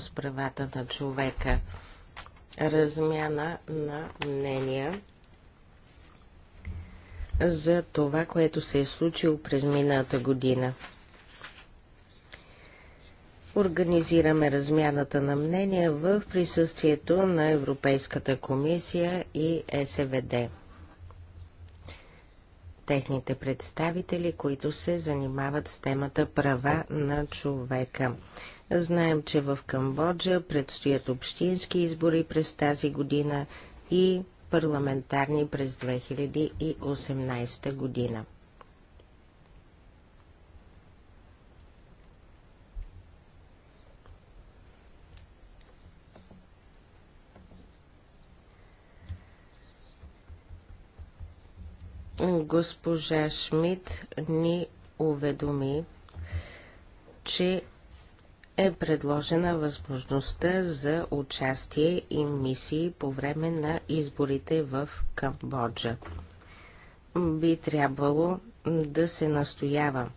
с правата на човека. Размяна на мнения за това, което се е случило през миналата година. Организираме размяната на мнения в присъствието на Европейската комисия и СВД. Техните представители, които се занимават с темата права на човека. Знаем, че в Камбоджа предстоят общински избори през тази година и парламентарни през 2018 година. Госпожа Шмидт ни уведоми, че е предложена възможността за участие и мисии по време на изборите в Камбоджа. Би трябвало да се настоява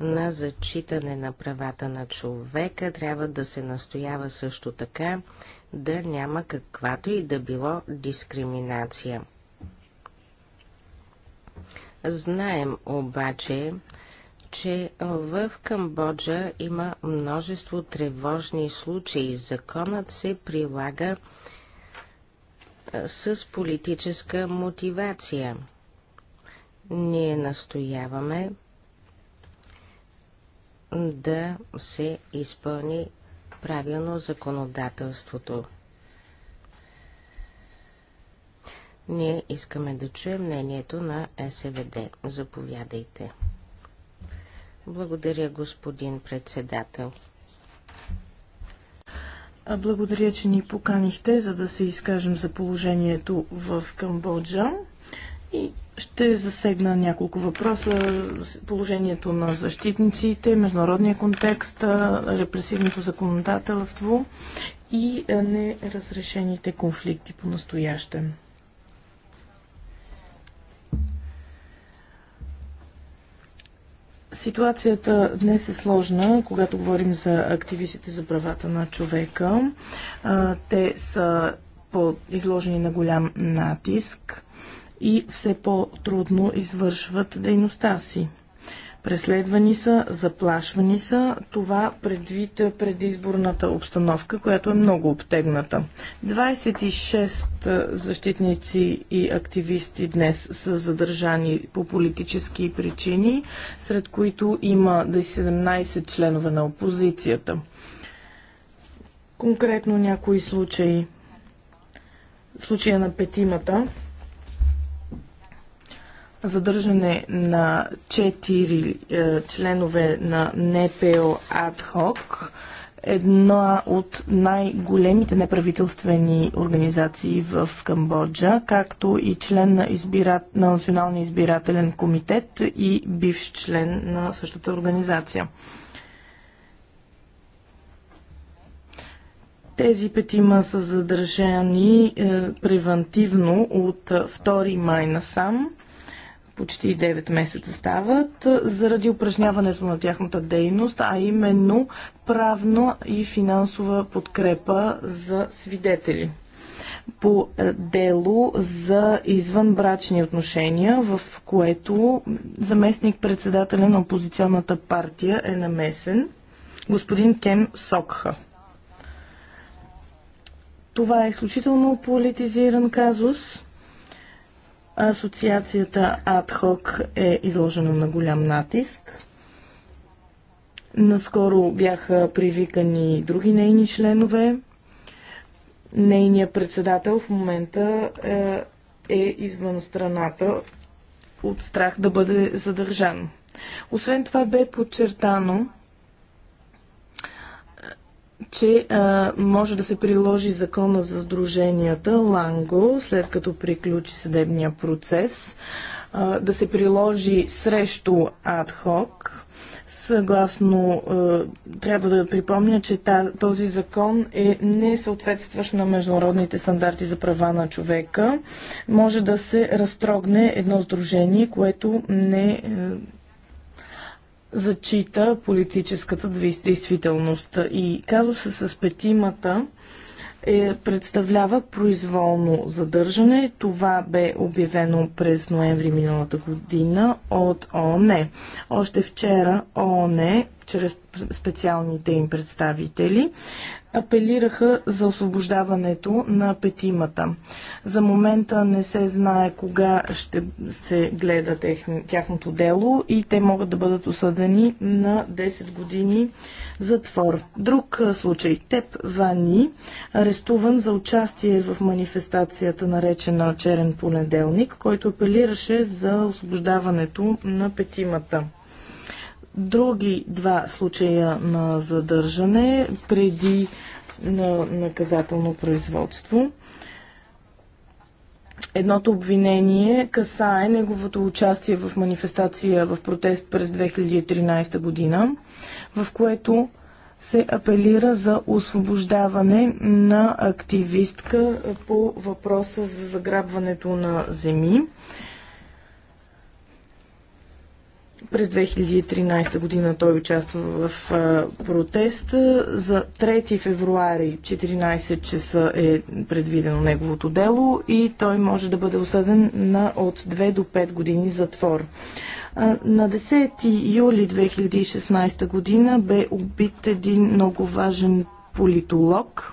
на зачитане на правата на човека, трябва да се настоява също така да няма каквато и да било дискриминация. Знаем обаче, че в Камбоджа има множество тревожни случаи. Законът се прилага е, с политическа мотивация. Ние настояваме да се изпълни правилно законодателството. Ние искаме да чуем мнението на СВД. Заповядайте. Благодаря, господин председател. Благодаря, че ни поканихте, за да се изкажем за положението в Камбоджа. И ще засегна няколко въпроса. Положението на защитниците, международния контекст, репресивното законодателство и неразрешените конфликти по настоящем. Ситуацията днес е сложна, когато говорим за активистите за правата на човека. Те са изложени на голям натиск и все по-трудно извършват дейността си. Преследвани са, заплашвани са, това предвид предизборната обстановка, която е много обтегната. 26 защитници и активисти днес са задържани по политически причини, сред които има 17 членове на опозицията. Конкретно някои случаи. Случая на петимата, задържане на 4 е, членове на НПО Адхок, една от най-големите неправителствени организации в Камбоджа, както и член на, избират, на Националния избирателен комитет и бивш член на същата организация. Тези петима са задържани е, превентивно от 2 е, май насам почти 9 месеца стават, заради упражняването на тяхната дейност, а именно правна и финансова подкрепа за свидетели по е, дело за извънбрачни отношения, в което заместник председателя на опозиционната партия е намесен господин Кем Сокха. Това е изключително политизиран казус Асоциацията Адхок е изложена на голям натиск. Наскоро бяха привикани други нейни членове. Нейният председател в момента е, е извън страната от страх да бъде задържан. Освен това бе подчертано, че а, може да се приложи закона за сдруженията Ланго, след като приключи съдебния процес, а, да се приложи срещу адхок. Съгласно, а, трябва да припомня, че та, този закон е несъответстващ на международните стандарти за права на човека. Може да се разтрогне едно сдружение, което не А, зачита политическата действителност. И казуса с петимата е, представлява произволно задържане. Това бе обявено през ноември миналата година от ООН. Още вчера ООН чрез специалните им представители апелираха за освобождаването на петимата. За момента не се знае кога ще се гледа тяхното дело и те могат да бъдат осъдени на 10 години затвор. Друг случай. Теп Вани, арестуван за участие в манифестацията наречена Черен понеделник, който апелираше за освобождаването на петимата други два случая на задържане преди на наказателно производство. Едното обвинение касае неговото участие в манифестация в протест през 2013 година, в което се апелира за освобождаване на активистка по въпроса за заграбването на земи. През 2013 година той участва в протест. За 3 февруари 14 часа е предвидено неговото дело и той може да бъде осъден на от 2 до 5 години затвор. На 10 юли 2016 година бе убит един много важен политолог.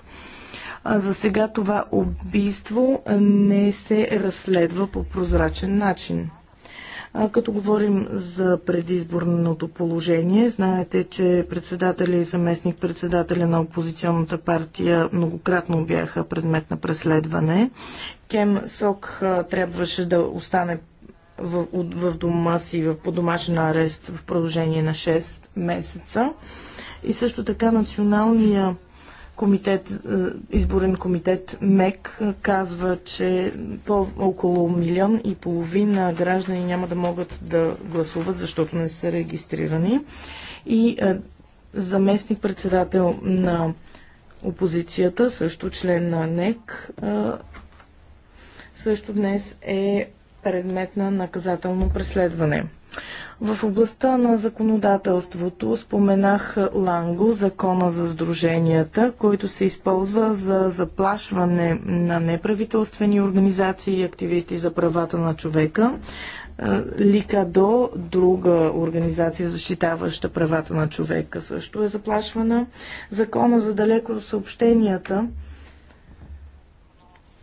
За сега това убийство не се разследва по прозрачен начин. Като говорим за предизборното положение, знаете, че председателя и заместник председателя на опозиционната партия многократно бяха предмет на преследване. Кем Сок трябваше да остане в, в дома си, в подомашен арест в продължение на 6 месеца. И също така националния комитет, е, изборен комитет МЕК е, казва, че по около милион и половина граждани няма да могат да гласуват, защото не са регистрирани. И е, заместник председател на опозицията, също член на НЕК, също днес е предмет на наказателно преследване. В областта на законодателството споменах Ланго, закона за сдруженията, който се използва за заплашване на неправителствени организации и активисти за правата на човека. Е, Ликадо, друга организация, защитаваща правата на човека, също е заплашвана. Закона за далеко съобщенията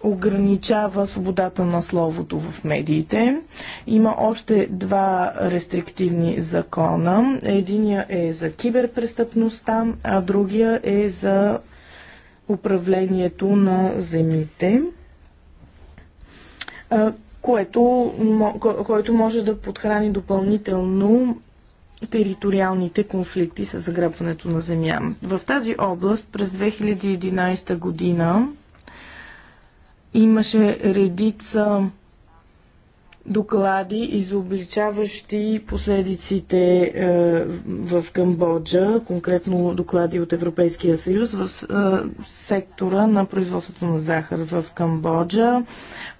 ограничава свободата на словото в медиите. Има още два рестриктивни закона. Единия е за киберпрестъпността, а другия е за управлението на земите което, което може да подхрани допълнително териториалните конфликти с заграбването на земя. В тази област през 2011 година Имаше редица доклади, изобличаващи последиците е, в Камбоджа, конкретно доклади от Европейския съюз в е, сектора на производството на захар в Камбоджа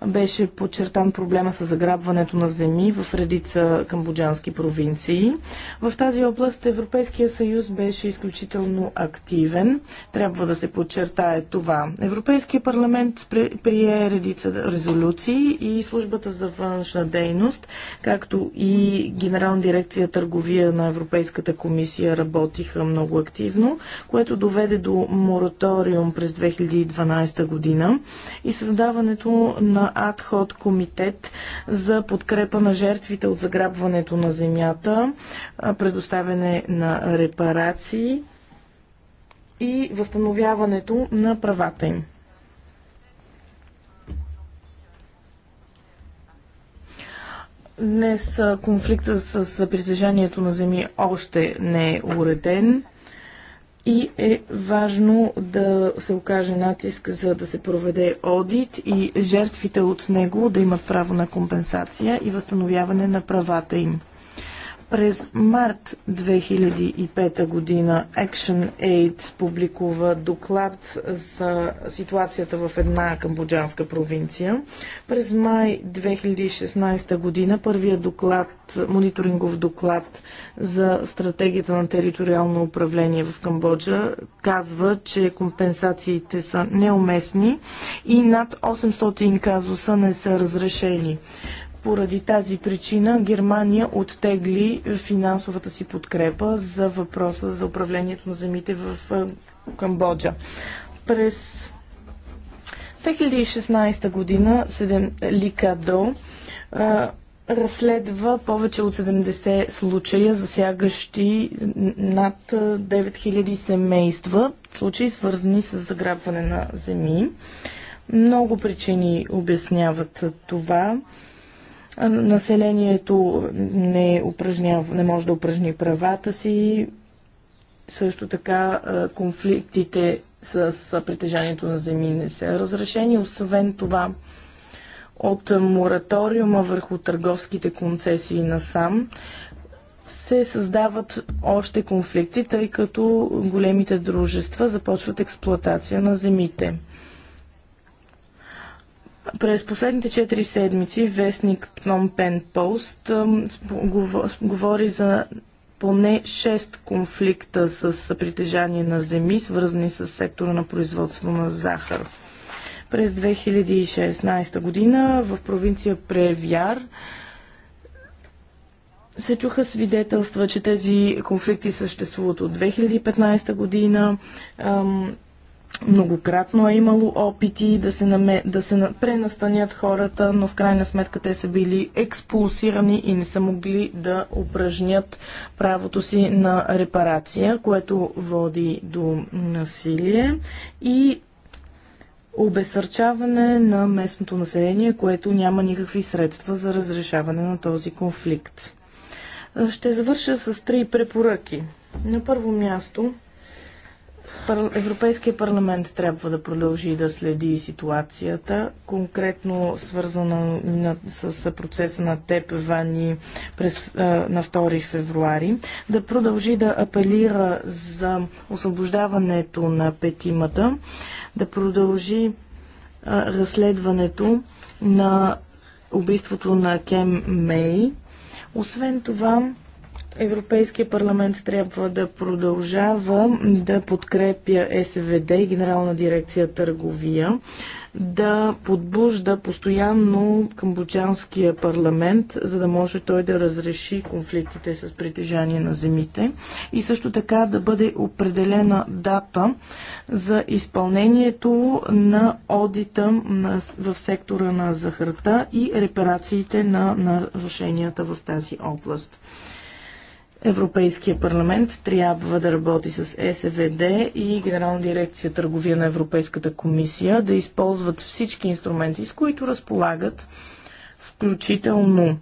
беше подчертан проблема с заграбването на земи в редица камбоджански провинции. В тази област Европейския съюз беше изключително активен. Трябва да се подчертае това. Европейския парламент прие редица резолюции и службата за външна дейност, както и Генерална дирекция търговия на Европейската комисия работиха много активно, което доведе до мораториум през 2012 година и създаването на Адхот комитет за подкрепа на жертвите от заграбването на земята, предоставяне на репарации и възстановяването на правата им. Днес конфликта с притежанието на земи още не е уреден и е важно да се окаже натиск за да се проведе одит и жертвите от него да имат право на компенсация и възстановяване на правата им. През март 2005 година Action Aid публикува доклад за ситуацията в една камбоджанска провинция. През май 2016 година първия доклад, мониторингов доклад за стратегията на териториално управление в Камбоджа казва, че компенсациите са неуместни и над 800 казуса не са разрешени. Поради тази причина Германия оттегли финансовата си подкрепа за въпроса за управлението на земите в Камбоджа. През 2016 година Лика Ликадо разследва повече от 70 случая, засягащи над 9000 семейства, случаи свързани с заграбване на земи. Много причини обясняват това населението не, не може да упражни правата си, също така конфликтите с притежанието на земи не са разрешени. Освен това, от мораториума върху търговските концесии на сам се създават още конфликти, тъй като големите дружества започват експлоатация на земите. През последните 4 седмици вестник Phnom Penh Post говори за поне 6 конфликта с притежание на земи, свързани с сектора на производство на захар. През 2016 година в провинция Превяр се чуха свидетелства, че тези конфликти съществуват от 2015 година. Многократно е имало опити да се, наме... да се пренастанят хората, но в крайна сметка те са били експулсирани и не са могли да упражнят правото си на репарация, което води до насилие и обесърчаване на местното население, което няма никакви средства за разрешаване на този конфликт. Ще завърша с три препоръки. На първо място Европейския парламент трябва да продължи да следи ситуацията, конкретно свързана с процеса на ТЕП-Вани на 2 февруари, да продължи да апелира за освобождаването на петимата, да продължи разследването на убийството на Кем Мей. Освен това, Европейския парламент трябва да продължава да подкрепя СВД и Генерална дирекция търговия, да подбужда постоянно камбоджанския парламент, за да може той да разреши конфликтите с притежание на земите и също така да бъде определена дата за изпълнението на одита в сектора на захарта и репарациите на нарушенията в тази област. Европейския парламент трябва да работи с СВД и Генерална дирекция търговия на Европейската комисия да използват всички инструменти, с които разполагат, включително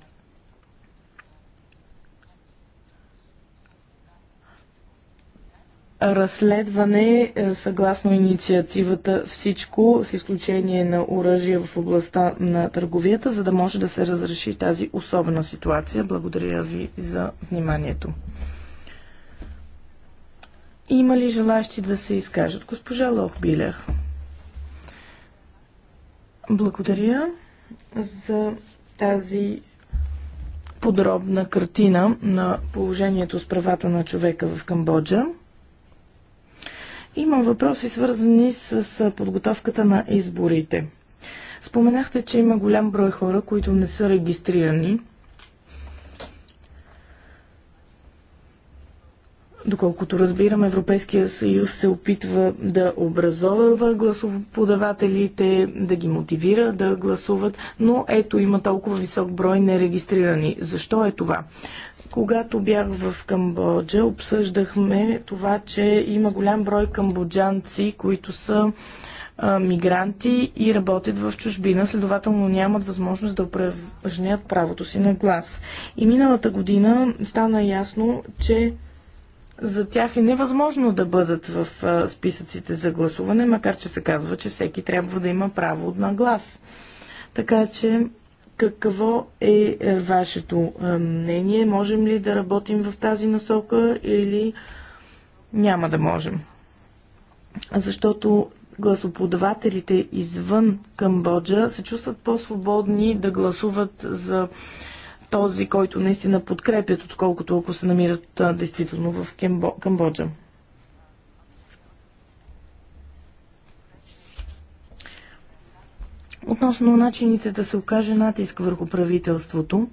разследване е, съгласно инициативата всичко, с изключение на оръжие в областта на търговията, за да може да се разреши тази особена ситуация. Благодаря ви за вниманието. Има ли желащи да се изкажат? Госпожа Лохбилях. Благодаря за тази подробна картина на положението с правата на човека в Камбоджа. Имам въпроси свързани с подготовката на изборите. Споменахте, че има голям брой хора, които не са регистрирани. Доколкото разбирам, Европейския съюз се опитва да образова гласоподавателите, да ги мотивира да гласуват, но ето има толкова висок брой нерегистрирани. Защо е това? Когато бях в Камбоджа, обсъждахме това, че има голям брой камбоджанци, които са а, мигранти и работят в чужбина, следователно нямат възможност да упражнят правото си на глас. И миналата година стана ясно, че за тях е невъзможно да бъдат в списъците за гласуване, макар че се казва, че всеки трябва да има право на глас. Така че какво е, е вашето е, мнение? Можем ли да работим в тази насока или няма да можем? Защото гласоподавателите извън Камбоджа се чувстват по-свободни да гласуват за този, който наистина подкрепят, отколкото ако се намират действително в Камбоджа. Относно начините да се окаже натиск върху правителството,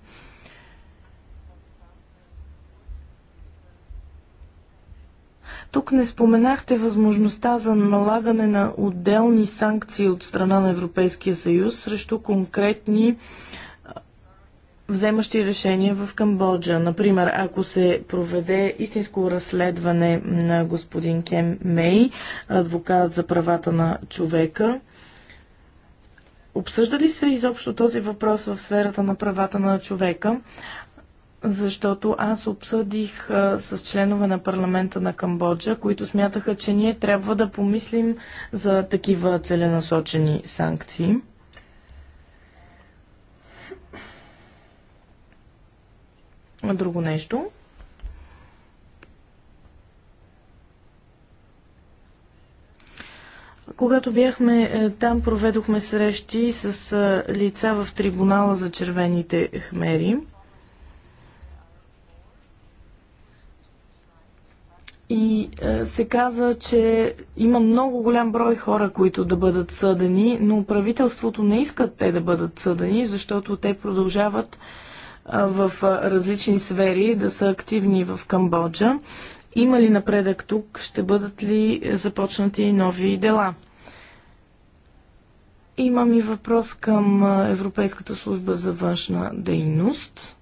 Тук не споменахте възможността за налагане на отделни санкции от страна на Европейския съюз срещу конкретни вземащи решения в Камбоджа. Например, ако се проведе истинско разследване на господин Кем Мей, адвокат за правата на човека, Обсъжда ли се изобщо този въпрос в сферата на правата на човека? Защото аз обсъдих а, с членове на парламента на Камбоджа, които смятаха, че ние трябва да помислим за такива целенасочени санкции. Друго нещо. Когато бяхме е, там, проведохме срещи с е, лица в трибунала за червените хмери. И е, се каза, че има много голям брой хора, които да бъдат съдени, но правителството не искат те да бъдат съдени, защото те продължават в различни сфери да са активни в Камбоджа има ли напредък тук? Ще бъдат ли започнати нови дела? Имам и въпрос към Европейската служба за външна дейност.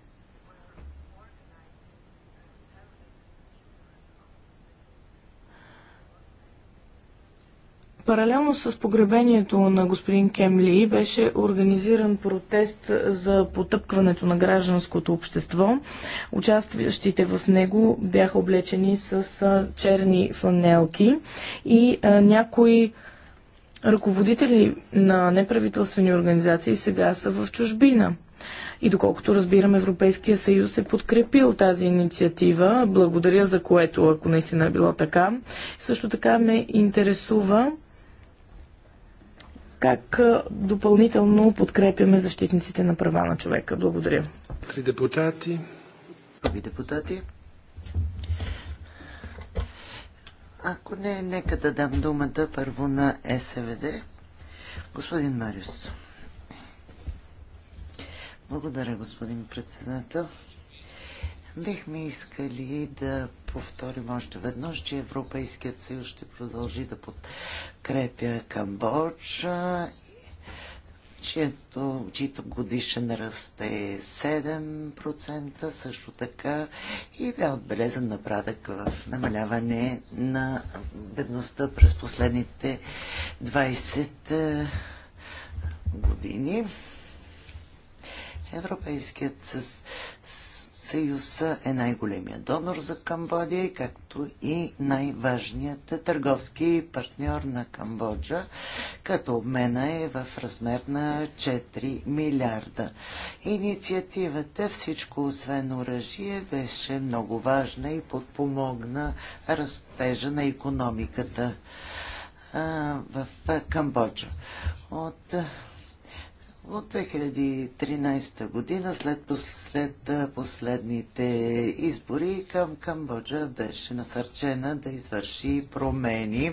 Паралелно с погребението на господин Кемли беше организиран протест за потъпкването на гражданското общество. Участващите в него бяха облечени с черни фанелки и някои ръководители на неправителствени организации сега са в чужбина. И доколкото разбирам, Европейския съюз е подкрепил тази инициатива. Благодаря за което, ако наистина е било така. Също така ме интересува как допълнително подкрепяме защитниците на права на човека. Благодаря. Три депутати. Три депутати. Ако не, нека да дам думата първо на СВД. Господин Мариус. Благодаря, господин председател. Бихме искали да повторим още веднъж, че Европейският съюз ще продължи да подкрепя Камбоджа, чието, чието годишен ръст е 7%, също така и бе отбелезан напредък в намаляване на бедността през последните 20 е, години. Европейският съюз съюз е най-големия донор за Камбодия, както и най-важният търговски партньор на Камбоджа, като обмена е в размер на 4 милиарда. Инициативата Всичко освен оръжие беше много важна и подпомогна растежа на економиката а, в Камбоджа. От от 2013 година, след, след последните избори, към Камбоджа беше насърчена да извърши промени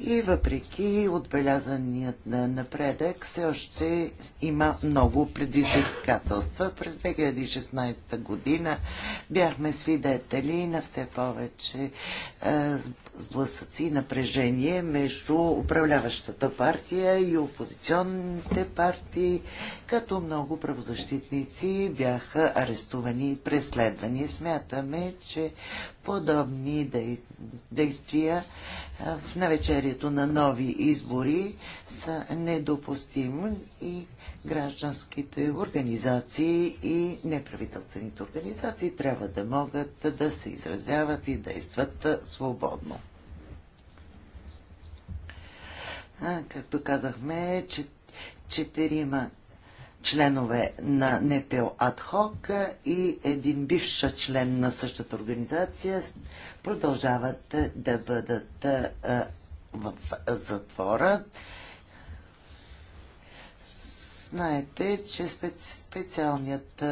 и въпреки отбелязаният напредък, все още има много предизвикателства. През 2016 година бяхме свидетели на все повече сблъсъци и напрежение между управляващата партия и опозиционните партии като много правозащитници бяха арестувани и преследвани. Смятаме, че подобни действия в навечерието на нови избори са недопустими и гражданските организации и неправителствените организации трябва да могат да се изразяват и действат свободно. както казахме, че четирима членове на НПО Адхок и един бивш член на същата организация продължават да бъдат в затвора. Знаете, че специалният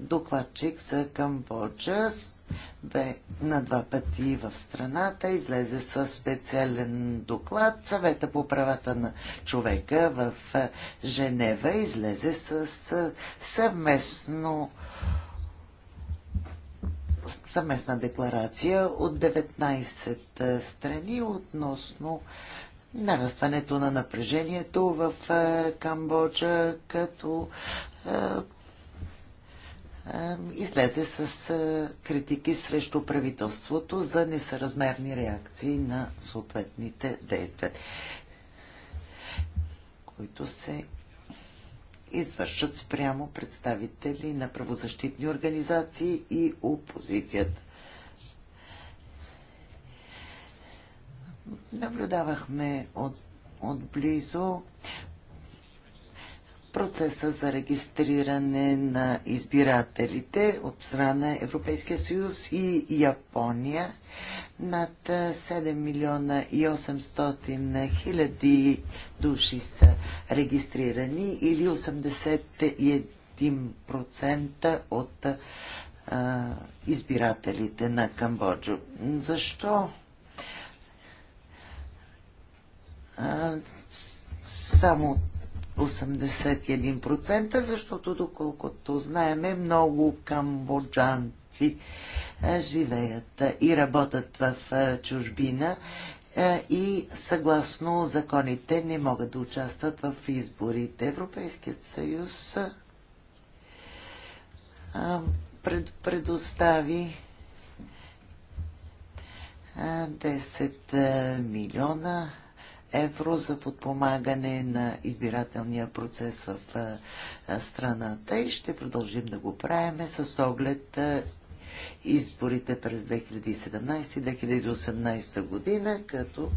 докладчик за Камбоджа бе на два пъти в страната, излезе с специален доклад. Съвета по правата на човека в Женева излезе с съвместно съвместна декларация от 19 страни относно нарастването на напрежението в Камбоджа, като излезе с критики срещу правителството за несъразмерни реакции на съответните действия, които се извършат спрямо представители на правозащитни организации и опозицията. Наблюдавахме от, отблизо процеса за регистриране на избирателите от страна Европейския съюз и Япония. Над 7 милиона и 800 хиляди души са регистрирани или 81% от а, избирателите на Камбоджо. Защо? А, само 81%, защото доколкото знаем, много камбоджанци е, живеят и работят в е, чужбина е, и съгласно законите не могат да участват в изборите. Европейският съюз предостави 10 милиона евро за подпомагане на избирателния процес в страната и ще продължим да го правиме с оглед изборите през 2017-2018 година, като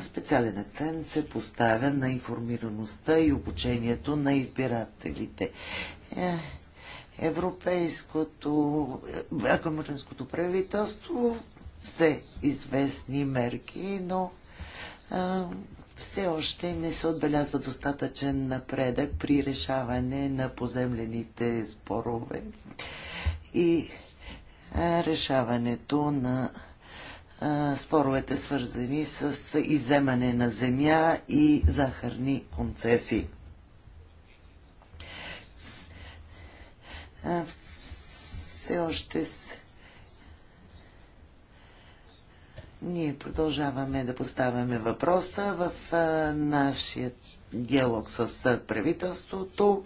специален акцент се поставя на информираността и обучението на избирателите. Е, европейското, е, академическото правителство все известни мерки, но все още не се отбелязва достатъчен напредък при решаване на поземлените спорове и решаването на споровете свързани с иземане на земя и захарни концесии. Все още Ние продължаваме да поставяме въпроса в нашия диалог с правителството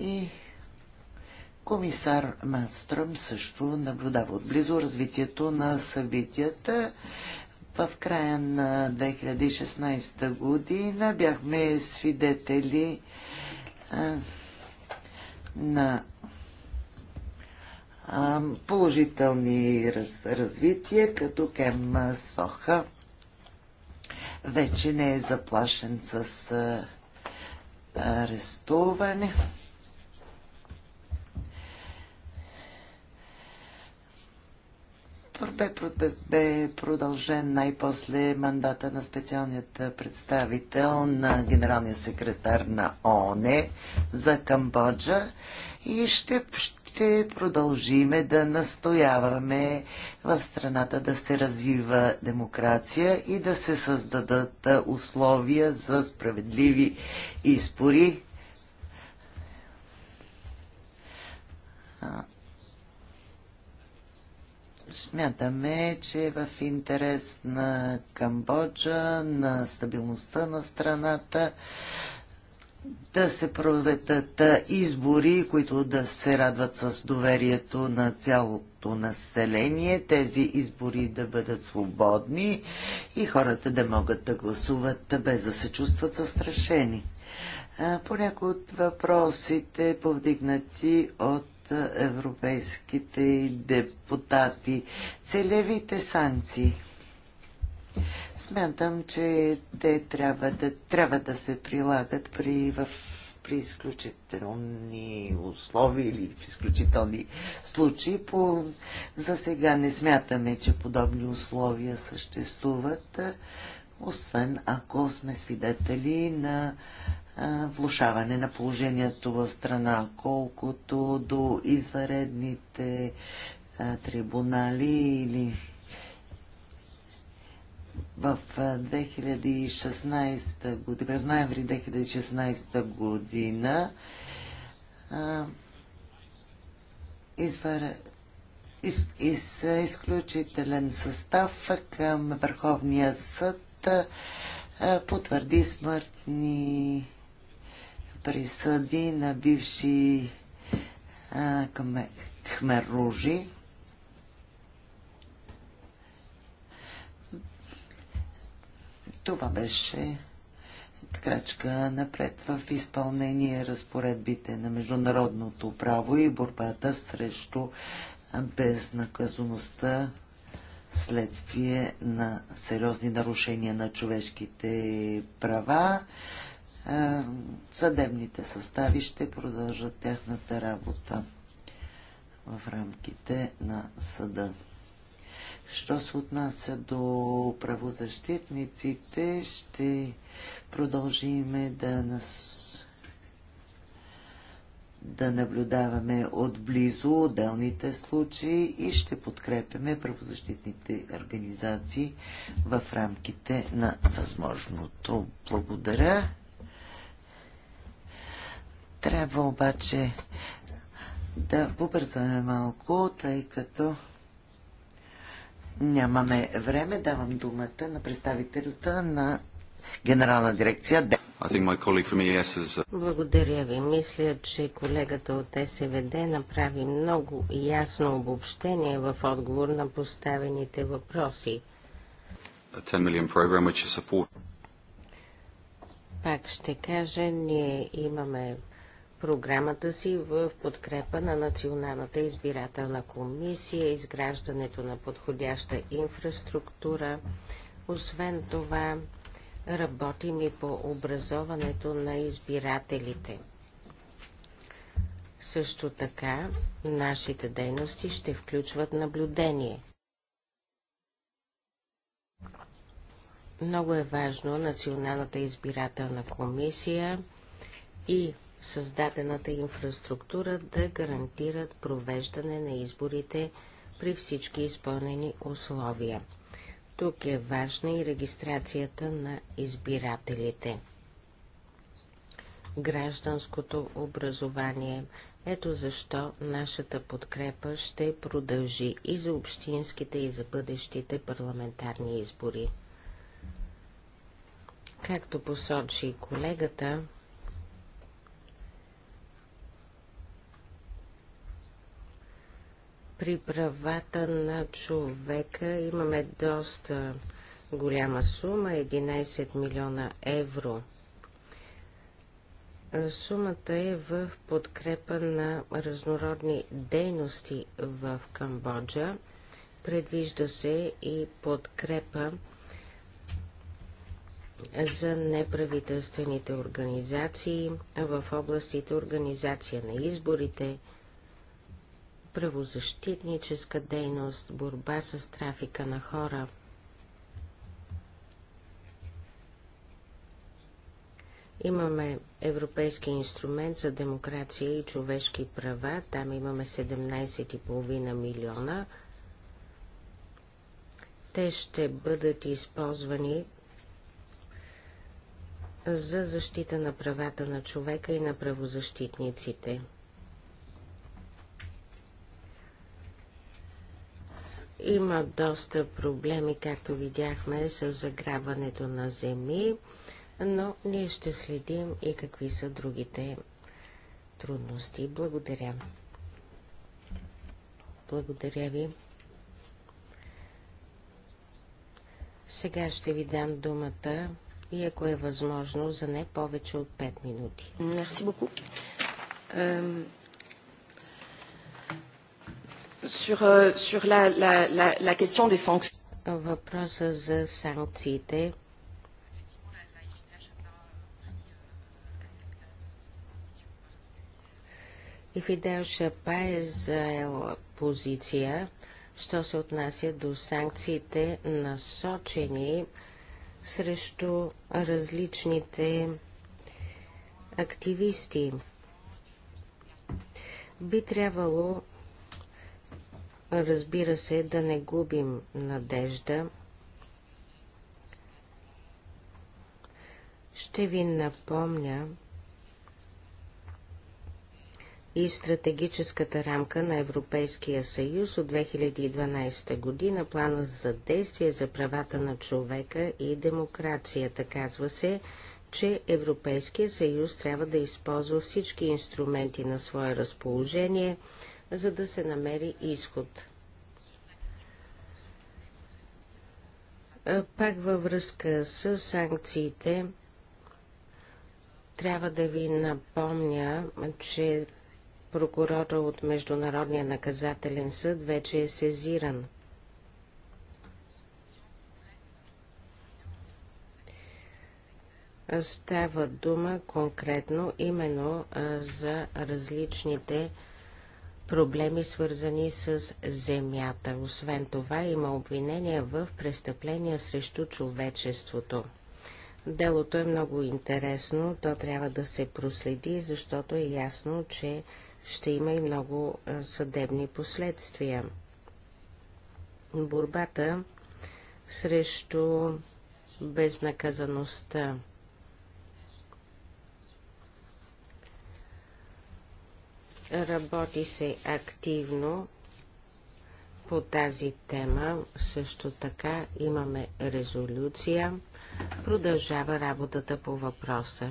и комисар Манстръм също наблюдава отблизо развитието на събитията. В края на 2016 година бяхме свидетели на положителни раз, развития, като Кем Соха вече не е заплашен с арестуване. бе, бе продължен най-после мандата на специалният представител на генералния секретар на ОНЕ за Камбоджа и ще, ще продължиме да настояваме в страната да се развива демокрация и да се създадат условия за справедливи избори. Смятаме, че е в интерес на Камбоджа, на стабилността на страната, да се проведат избори, които да се радват с доверието на цялото население, тези избори да бъдат свободни и хората да могат да гласуват без да се чувстват застрашени. По някои от въпросите, повдигнати от европейските депутати, целевите санкции – Смятам, че те трябва да, трябва да се прилагат при, в, при изключителни условия или в изключителни случаи. По, за сега не смятаме, че подобни условия съществуват, освен ако сме свидетели на а, влушаване на положението в страна, колкото до изваредните а, трибунали или в 2016 година, през ноември 2016 година извър, из, из, изключителен състав към Върховния съд потвърди смъртни присъди на бивши хмеружи. Това беше крачка напред в изпълнение разпоредбите на международното право и борбата срещу безнаказаността следствие на сериозни нарушения на човешките права. Съдебните състави ще продължат тяхната работа в рамките на съда. Що се отнася до правозащитниците, ще продължиме да нас да наблюдаваме отблизо отделните случаи и ще подкрепяме правозащитните организации в рамките на възможното. Благодаря. Трябва обаче да побързаме малко, тъй като Нямаме време. Давам думата на представителята на Генерална дирекция is... E uh, Благодаря ви. Мисля, че колегата от СВД направи много ясно обобщение в отговор на поставените въпроси. Program, support... Пак ще кажа, ние имаме програмата си в подкрепа на Националната избирателна комисия, изграждането на подходяща инфраструктура. Освен това, работим и по образоването на избирателите. Също така, нашите дейности ще включват наблюдение. Много е важно Националната избирателна комисия и създадената инфраструктура да гарантират провеждане на изборите при всички изпълнени условия. Тук е важна и регистрацията на избирателите. Гражданското образование. Ето защо нашата подкрепа ще продължи и за общинските, и за бъдещите парламентарни избори. Както посочи колегата, При правата на човека имаме доста голяма сума 11 милиона евро. Сумата е в подкрепа на разнородни дейности в Камбоджа. Предвижда се и подкрепа за неправителствените организации в областите организация на изборите, правозащитническа дейност, борба с трафика на хора. Имаме Европейски инструмент за демокрация и човешки права. Там имаме 17,5 милиона. Те ще бъдат използвани за защита на правата на човека и на правозащитниците. Има доста проблеми, както видяхме, с заграбването на земи, но ние ще следим и какви са другите трудности. Благодаря. Благодаря ви. Сега ще ви дам думата и ако е възможно, за не повече от 5 минути. Мерси beaucoup sur, euh, sur la, la, la, la question des sanctions. Въпроса за санкциите. И Фидел Шапа е заел позиция, що се отнася до санкциите, насочени срещу различните активисти. Би трябвало разбира се, да не губим надежда. Ще ви напомня и стратегическата рамка на Европейския съюз от 2012 година, плана за действие за правата на човека и демокрацията. Казва се, че Европейския съюз трябва да използва всички инструменти на свое разположение – за да се намери изход. Пак във връзка с санкциите, трябва да ви напомня, че прокурора от Международния наказателен съд вече е сезиран. Става дума конкретно именно за различните проблеми, свързани с земята. Освен това, има обвинения в престъпления срещу човечеството. Делото е много интересно, то трябва да се проследи, защото е ясно, че ще има и много съдебни последствия. Борбата срещу безнаказаността Работи се активно по тази тема. Също така имаме резолюция. Продължава работата по въпроса.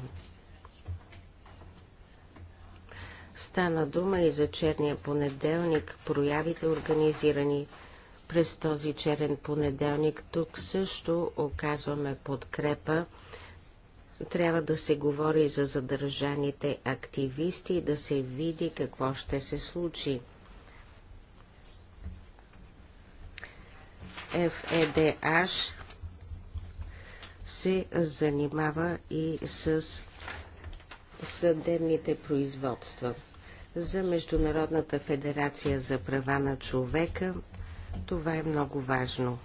Стана дума и за черния понеделник, проявите организирани през този черен понеделник. Тук също оказваме подкрепа трябва да се говори за задържаните активисти и да се види какво ще се случи. ФЕДАШ се занимава и с съдебните производства. За Международната федерация за права на човека това е много важно.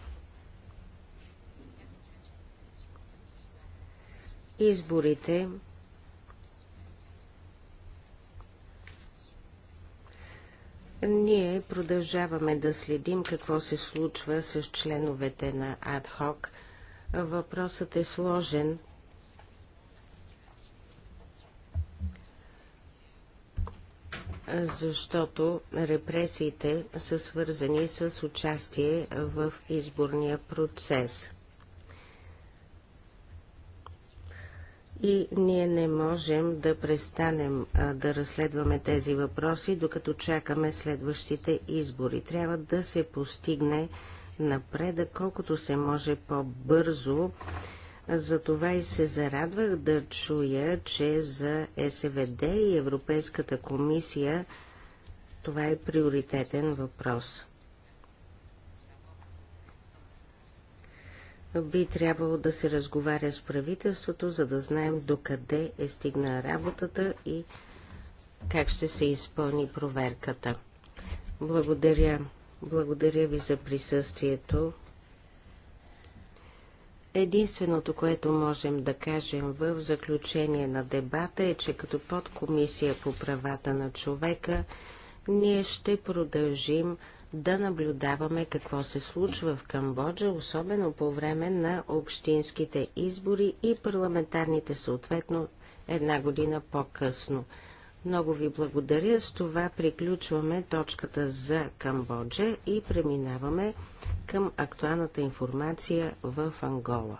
изборите. Ние продължаваме да следим какво се случва с членовете на АДХОК. Въпросът е сложен. защото репресиите са свързани с участие в изборния процес – и ние не можем да престанем а, да разследваме тези въпроси, докато чакаме следващите избори. Трябва да се постигне напредък колкото се може по-бързо. Затова и се зарадвах да чуя, че за СВД и Европейската комисия това е приоритетен въпрос. би трябвало да се разговаря с правителството, за да знаем докъде е стигна работата и как ще се изпълни проверката. Благодаря. Благодаря ви за присъствието. Единственото, което можем да кажем в заключение на дебата е, че като подкомисия по правата на човека ние ще продължим да наблюдаваме какво се случва в Камбоджа, особено по време на общинските избори и парламентарните съответно една година по-късно. Много ви благодаря. С това приключваме точката за Камбоджа и преминаваме към актуалната информация в Ангола.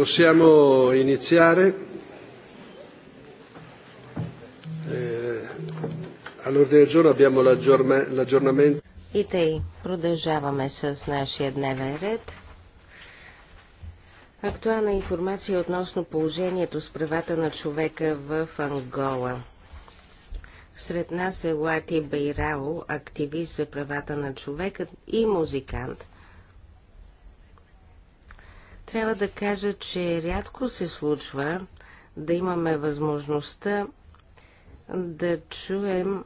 Possiamo iniziare. Eh, all'ordine del giorno abbiamo l'aggiornamento. И тъй, продължаваме с нашия дневен ред. Актуална информация относно положението с правата на човека в Ангола. Сред нас е Лати Бейрао, активист за правата на човека и музикант – трябва да кажа, че рядко се случва да имаме възможността да чуем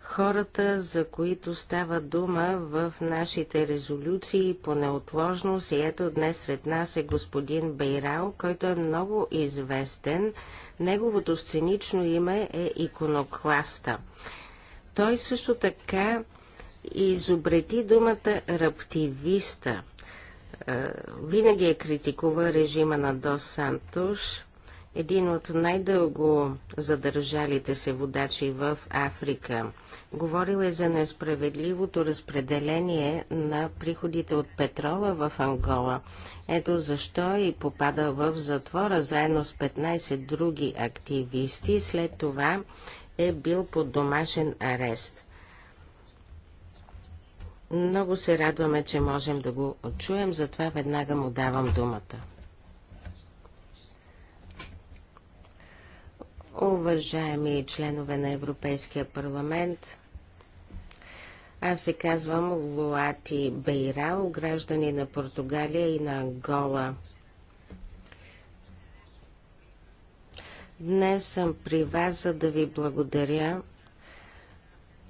хората, за които става дума в нашите резолюции по неотложност. И ето днес сред нас е господин Бейрал, който е много известен. Неговото сценично име е Иконокласта. Той също така изобрети думата раптивиста – е, винаги е критикува режима на Дос Сантуш, един от най-дълго задържалите се водачи в Африка. Говорил е за несправедливото разпределение на приходите от петрола в Ангола. Ето защо и попада в затвора заедно с 15 други активисти. След това е бил под домашен арест. Много се радваме, че можем да го чуем, затова веднага му давам думата. Уважаеми членове на Европейския парламент, аз се казвам Луати Бейрао, граждани на Португалия и на Ангола. Днес съм при вас, за да ви благодаря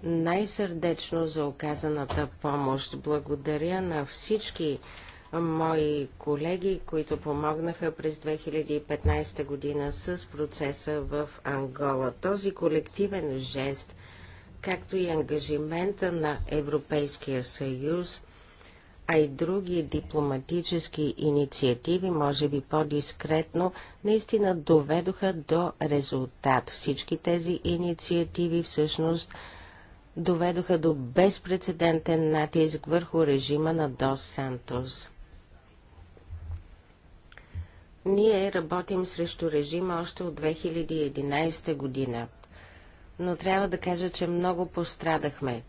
най-сърдечно за оказаната помощ. Благодаря на всички мои колеги, които помогнаха през 2015 година с процеса в Ангола. Този колективен жест, както и ангажимента на Европейския съюз, а и други дипломатически инициативи, може би по-дискретно, наистина доведоха до резултат. Всички тези инициативи всъщност – доведоха до безпредседентен натиск върху режима на Дос Сантос. Ние работим срещу режима още от 2011 година, но трябва да кажа, че много пострадахме.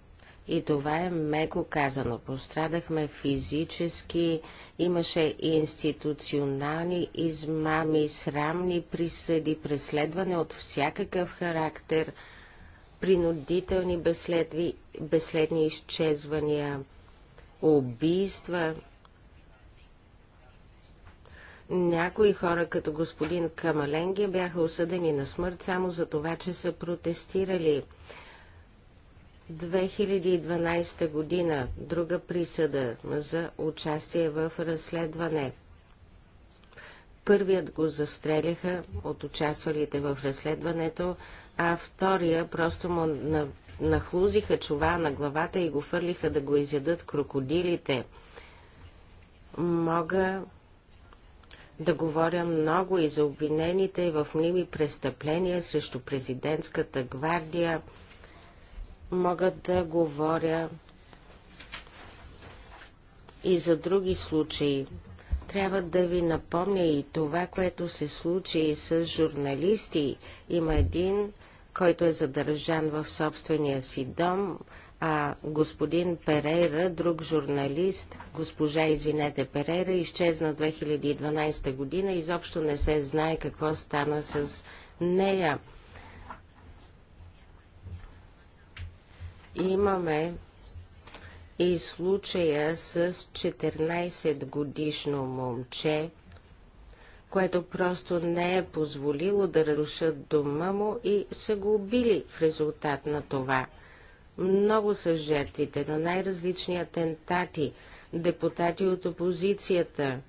И това е меко казано. Пострадахме физически, имаше институционални измами, срамни присъди, преследване от всякакъв характер – принудителни безследви, безследни изчезвания, убийства. Някои хора, като господин Камаленги, бяха осъдени на смърт само за това, че са протестирали. 2012 година друга присъда за участие в разследване. Първият го застреляха от участвалите в разследването а втория просто му нахлузиха чува на главата и го фърлиха да го изядат крокодилите. Мога да говоря много и за обвинените в мними престъпления срещу президентската гвардия. Мога да говоря и за други случаи. Трябва да ви напомня и това, което се случи с журналисти. Има един който е задържан в собствения си дом, а господин Перейра, друг журналист, госпожа, извинете, Перейра, изчезна 2012 година. Изобщо не се знае какво стана с нея. Имаме и случая с 14 годишно момче, което просто не е позволило да разрушат дома му и са го убили в резултат на това. Много са жертвите на най-различни атентати, депутати от опозицията.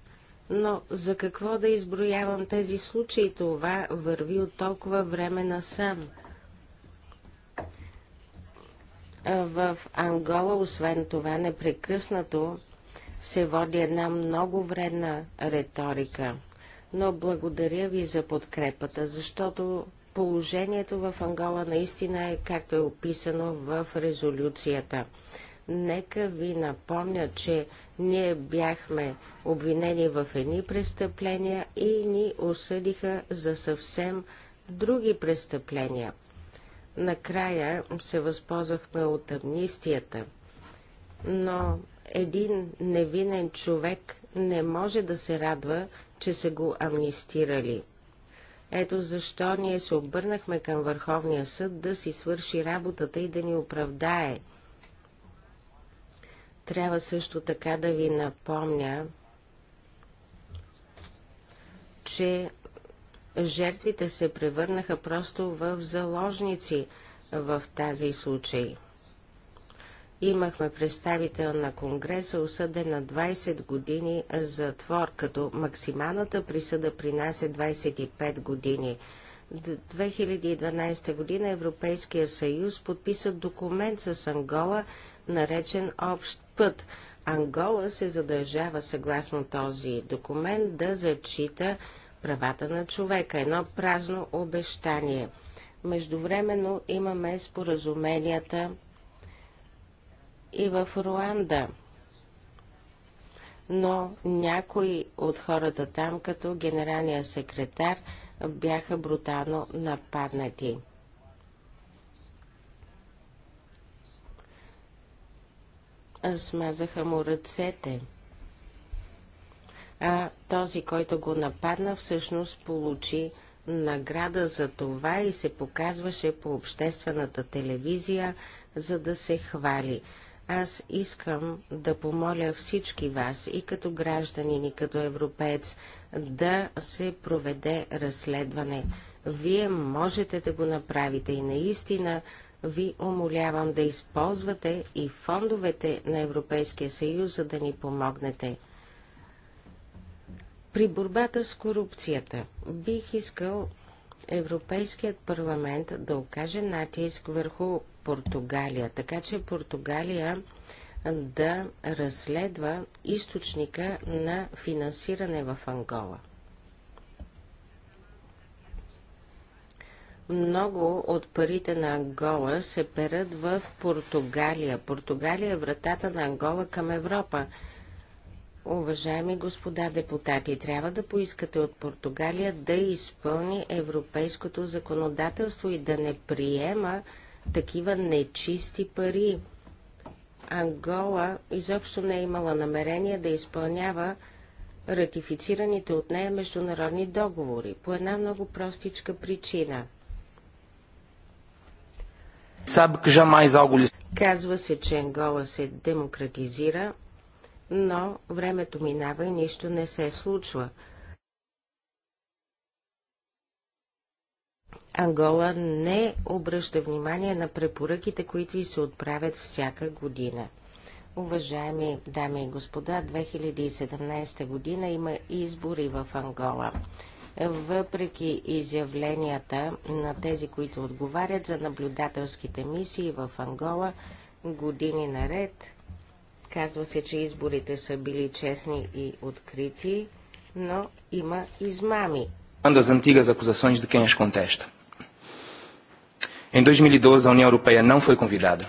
Но за какво да изброявам тези случаи, това върви от толкова време насам. В Ангола, освен това, непрекъснато се води една много вредна риторика – но благодаря ви за подкрепата, защото положението в Ангола наистина е както е описано в резолюцията. Нека ви напомня, че ние бяхме обвинени в едни престъпления и ни осъдиха за съвсем други престъпления. Накрая се възползвахме от амнистията, но един невинен човек не може да се радва, че са го амнистирали. Ето защо ние се обърнахме към Върховния съд да си свърши работата и да ни оправдае. Трябва също така да ви напомня, че жертвите се превърнаха просто в заложници в тази случай – Имахме представител на Конгреса, осъден на 20 години затвор, като максималната присъда при нас е 25 години. 2012 година Европейския съюз подписа документ с Ангола, наречен Общ път. Ангола се задължава съгласно този документ да зачита правата на човека. Едно празно обещание. Междувременно имаме споразуменията и в Руанда. Но някои от хората там, като генералния секретар, бяха брутално нападнати. Смазаха му ръцете. А този, който го нападна, всъщност получи награда за това и се показваше по обществената телевизия, за да се хвали. Аз искам да помоля всички вас и като гражданин, и като европеец да се проведе разследване. Вие можете да го направите и наистина ви умолявам да използвате и фондовете на Европейския съюз, за да ни помогнете. При борбата с корупцията бих искал Европейският парламент да окаже натиск върху Португалия, така че Португалия да разследва източника на финансиране в Ангола. Много от парите на Ангола се перат в Португалия. Португалия е вратата на Ангола към Европа. Уважаеми господа депутати, трябва да поискате от Португалия да изпълни европейското законодателство и да не приема такива нечисти пари. Ангола изобщо не е имала намерение да изпълнява ратифицираните от нея международни договори по една много простичка причина. Казва се, че Ангола се демократизира, но времето минава и нищо не се случва. Ангола не обръща внимание на препоръките, които и се отправят всяка година. Уважаеми дами и господа, 2017 година има избори в Ангола. Въпреки изявленията на тези, които отговарят за наблюдателските мисии в Ангола, години наред казва се, че изборите са били честни и открити, но има измами. Uma das antigas acusações de quem as contesta. Em 2012, e a União Europeia não foi convidada.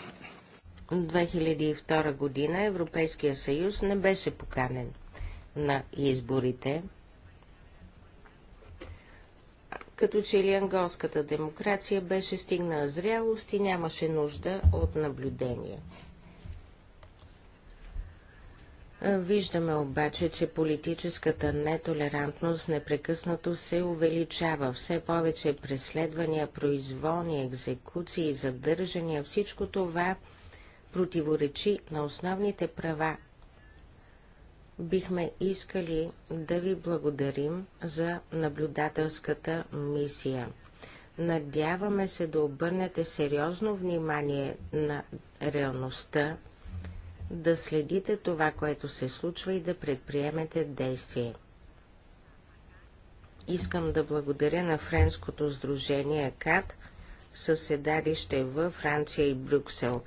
Em 2002 година Европейския съюз не беше поканен на изборите. Като че ли анголската демокрация беше стигнала зрялост и нямаше нужда от наблюдение. Виждаме обаче, че политическата нетолерантност непрекъснато се увеличава. Все повече преследвания, произволни, екзекуции, задържания, всичко това противоречи на основните права. Бихме искали да ви благодарим за наблюдателската мисия. Надяваме се да обърнете сериозно внимание на реалността да следите това, което се случва и да предприемете действие. Искам да благодаря на Френското сдружение КАТ със седалище в Франция и Брюксел.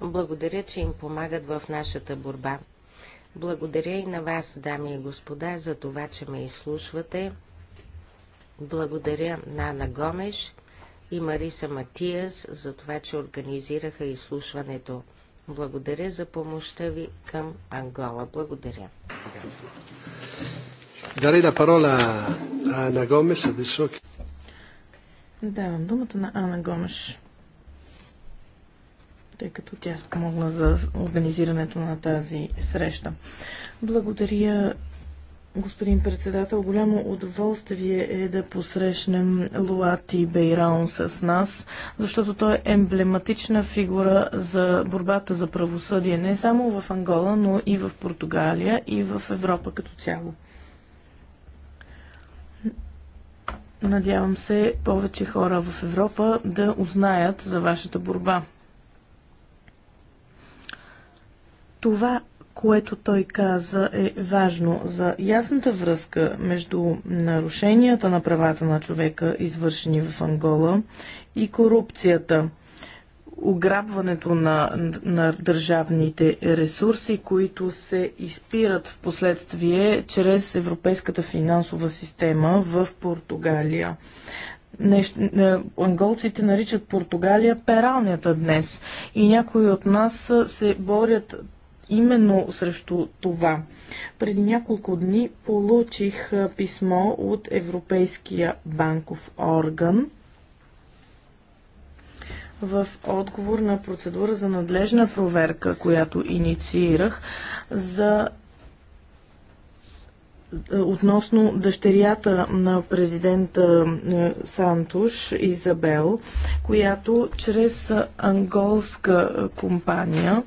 Благодаря, че им помагат в нашата борба. Благодаря и на вас, дами и господа, за това, че ме изслушвате. Благодаря на Ана Гомеш и Мариса Матиас за това, че организираха изслушването. Благодаря за помощта ви към Ангола. Благодаря. Дарей la parola a Ana Давам думата на Ана Гомеш, тъй като тя спомогна за организирането на тази среща. Благодаря Господин председател, голямо удоволствие е да посрещнем Луати Бейраун с нас, защото той е емблематична фигура за борбата за правосъдие не само в Ангола, но и в Португалия и в Европа като цяло. Надявам се повече хора в Европа да узнаят за вашата борба. Това което той каза е важно за ясната връзка между нарушенията на правата на човека, извършени в Ангола, и корупцията ограбването на, на държавните ресурси, които се изпират в последствие чрез европейската финансова система в Португалия. Нещ... Е, анголците наричат Португалия пералнята днес и някои от нас се борят именно срещу това. Преди няколко дни получих писмо от Европейския банков орган в отговор на процедура за надлежна проверка, която инициирах за относно дъщерята на президента Сантуш, Изабел, която чрез анголска компания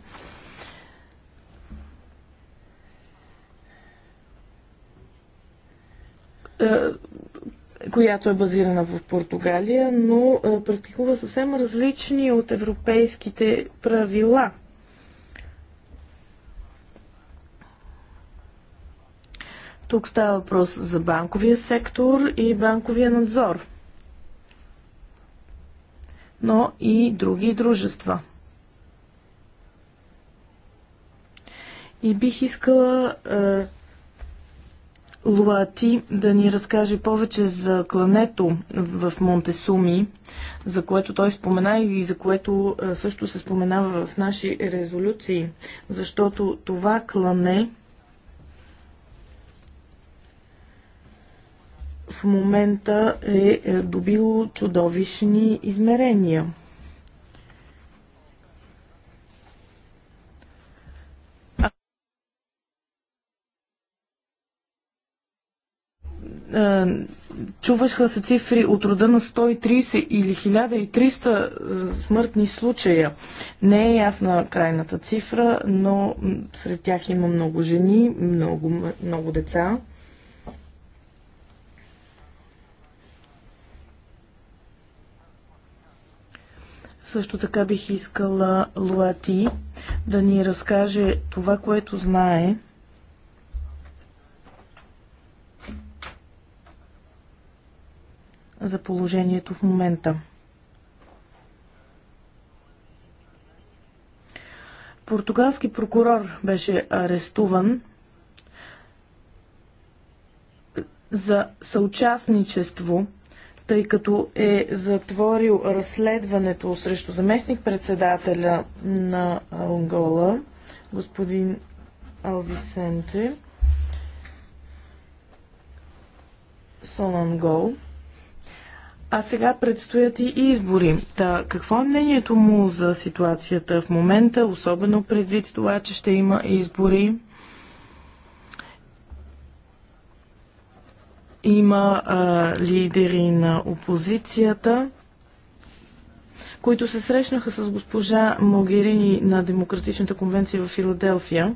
Е, която е базирана в Португалия, но е, практикува съвсем различни от европейските правила. Тук става въпрос за банковия сектор и банковия надзор, но и други дружества. И бих искала е, Луати да ни разкаже повече за клането в Монтесуми, за което той спомена и за което също се споменава в наши резолюции, защото това клане в момента е, е добило чудовищни измерения – Е, чуваха се цифри от рода на 130 или 1300 е, смъртни случая. Не е ясна крайната цифра, но сред тях има много жени, много, много деца. Също така бих искала Луати да ни разкаже това, което знае за положението в момента. Португалски прокурор беше арестуван за съучастничество, тъй като е затворил разследването срещу заместник-председателя на Ангола, господин Алвисенте, Сонангол. Гол. А сега предстоят и избори. Та, какво е мнението му за ситуацията в момента, особено предвид това, че ще има избори? Има а, лидери на опозицията, които се срещнаха с госпожа Могерини на Демократичната конвенция в Филаделфия.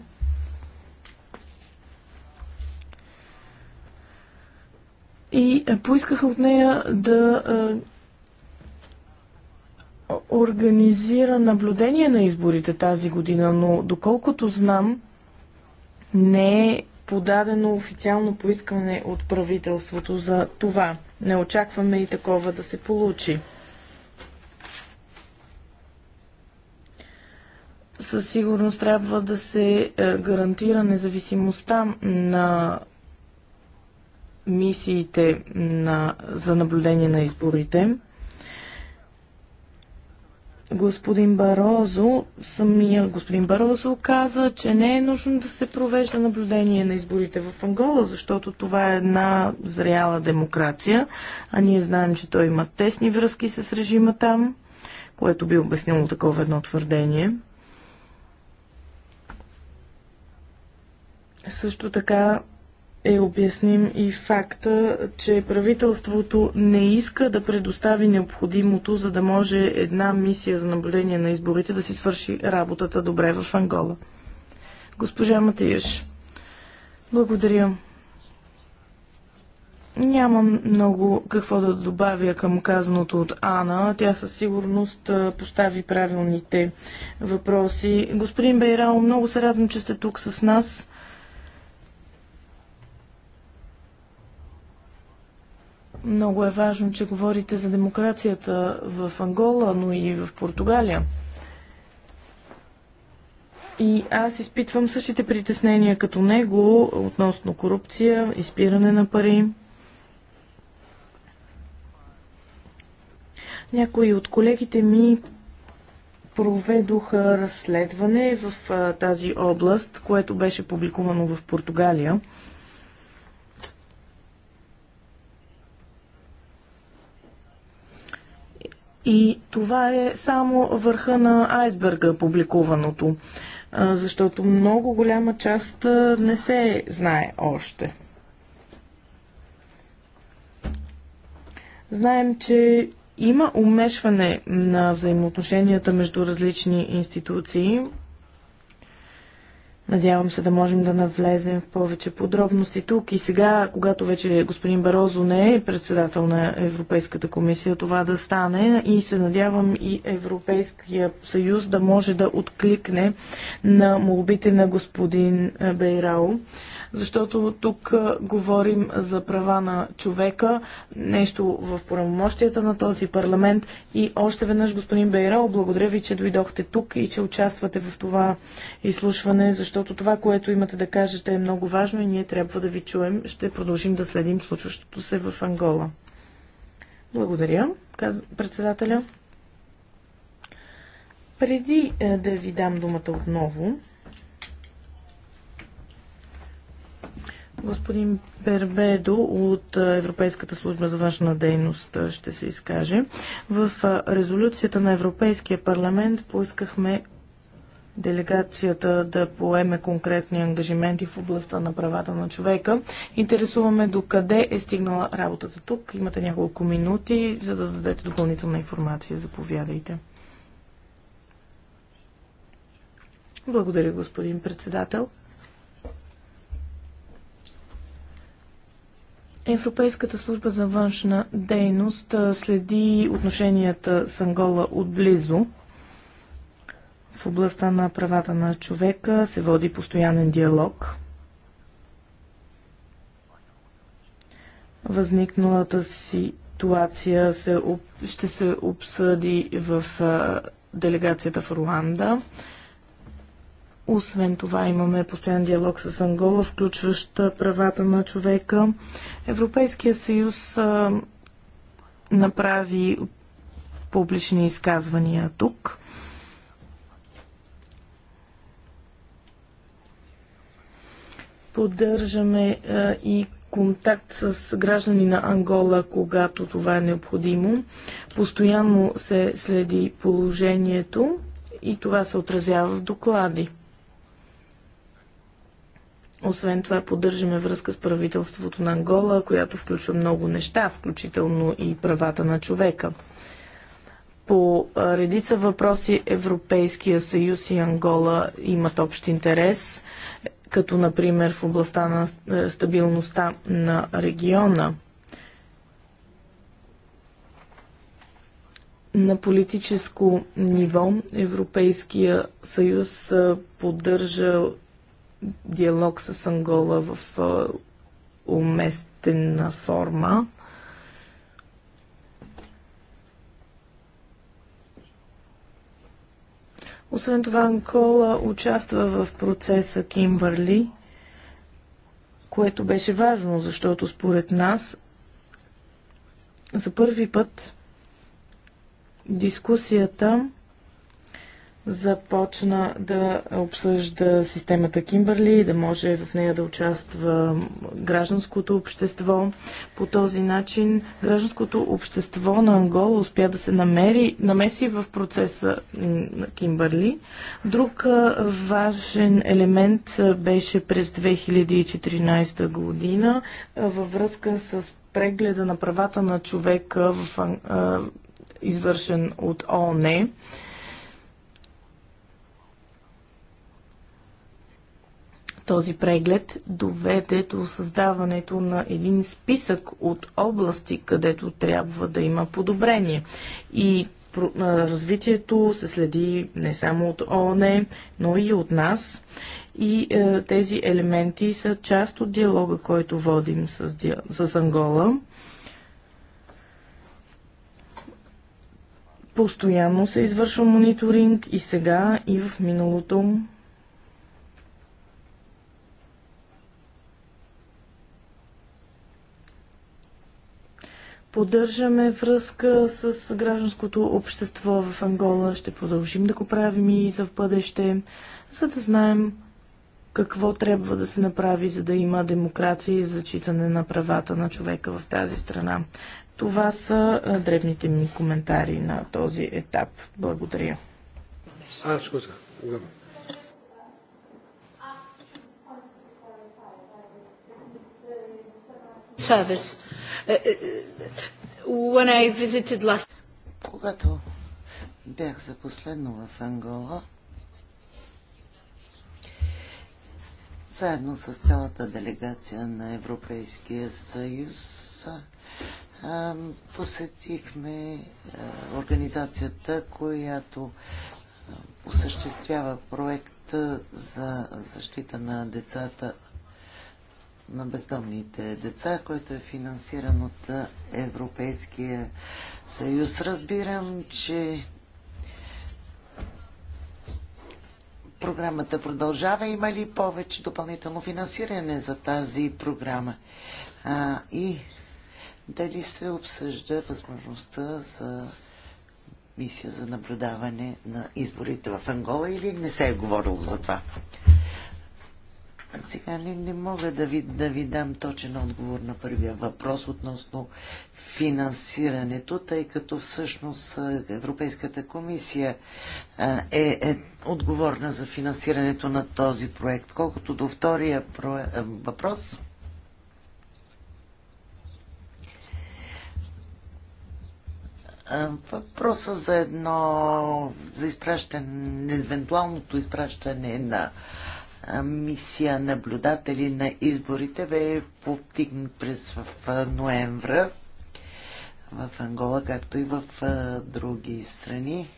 и е, поискаха от нея да е, организира наблюдение на изборите тази година, но доколкото знам, не е подадено официално поискане от правителството за това. Не очакваме и такова да се получи. Със сигурност трябва да се е, гарантира независимостта на мисиите на, за наблюдение на изборите. Господин Барозо, самия господин Барозо каза, че не е нужно да се провежда наблюдение на изборите в Ангола, защото това е една зряла демокрация, а ние знаем, че той има тесни връзки с режима там, което би обяснило такова едно твърдение. Също така е обясним и факта, че правителството не иска да предостави необходимото, за да може една мисия за наблюдение на изборите да си свърши работата добре в Ангола. Госпожа Матиеш, благодаря. Нямам много какво да добавя към казаното от Ана. Тя със сигурност постави правилните въпроси. Господин Бейрал, много се радвам, че сте тук с нас. Много е важно, че говорите за демокрацията в Ангола, но и в Португалия. И аз изпитвам същите притеснения като него относно корупция, изпиране на пари. Някои от колегите ми проведоха разследване в тази област, което беше публикувано в Португалия. И това е само върха на айсберга, публикуваното, защото много голяма част не се знае още. Знаем, че има умешване на взаимоотношенията между различни институции, Надявам се да можем да навлезем в повече подробности тук и сега, когато вече господин Барозо не е председател на Европейската комисия, това да стане и се надявам и Европейския съюз да може да откликне на молбите на господин Бейрао защото тук говорим за права на човека, нещо в правомощията на този парламент. И още веднъж, господин Бейрал, благодаря ви, че дойдохте тук и че участвате в това изслушване, защото това, което имате да кажете е много важно и ние трябва да ви чуем. Ще продължим да следим случващото се в Ангола. Благодаря, каза председателя. Преди е, да ви дам думата отново, Господин Бербедо от Европейската служба за външна дейност ще се изкаже. В резолюцията на Европейския парламент поискахме делегацията да поеме конкретни ангажименти в областта на правата на човека. Интересуваме до къде е стигнала работата тук. Имате няколко минути, за да дадете допълнителна информация. Заповядайте. Благодаря, господин председател. Европейската служба за външна дейност следи отношенията с Ангола отблизо. В областта на правата на човека се води постоянен диалог. Възникналата ситуация се, ще се обсъди в делегацията в Руанда. Освен това имаме постоянен диалог с Ангола, включващ правата на човека. Европейския съюз а, направи публични изказвания тук. Поддържаме а, и контакт с граждани на Ангола, когато това е необходимо. Постоянно се следи положението и това се отразява в доклади. Освен това, поддържаме връзка с правителството на Ангола, която включва много неща, включително и правата на човека. По редица въпроси Европейския съюз и Ангола имат общ интерес, като например в областта на стабилността на региона. На политическо ниво Европейския съюз поддържа диалог с Ангола в уместена форма. Освен това, Ангола участва в процеса Кимбърли, което беше важно, защото според нас за първи път дискусията започна да обсъжда системата Кимбърли, да може в нея да участва гражданското общество. По този начин гражданското общество на Ангола успя да се намери, намеси в процеса на Кимбърли. Друг важен елемент беше през 2014 година във връзка с прегледа на правата на човека в, извършен от ООН. Този преглед доведе до създаването на един списък от области, където трябва да има подобрение. И развитието се следи не само от ООН, но и от нас. И е, тези елементи са част от диалога, който водим с, с Ангола. Постоянно се извършва мониторинг и сега, и в миналото. Поддържаме връзка с гражданското общество в Ангола. Ще продължим да го правим и за в бъдеще, за да знаем какво трябва да се направи, за да има демокрация и зачитане на правата на човека в тази страна. Това са дребните ми коментари на този етап. Благодаря. А, скуза. Service. Uh, uh, when I visited last... Когато бях за последно в Ангола, заедно с цялата делегация на Европейския съюз посетихме организацията, която осъществява проект за защита на децата на бездомните деца, който е финансиран от Европейския съюз. Разбирам, че програмата продължава. Има ли повече допълнително финансиране за тази програма? А, и дали се обсъжда възможността за мисия за наблюдаване на изборите в Ангола или не се е говорило за това? Сега не, не мога да ви, да ви дам точен отговор на първия въпрос относно финансирането, тъй като всъщност Европейската комисия е, е отговорна за финансирането на този проект. Колкото до втория про... въпрос. Въпроса за едно, за изпращане, евентуалното изпращане на мисия наблюдатели на изборите бе повтигнат през в ноемвра в Ангола, както и в други страни.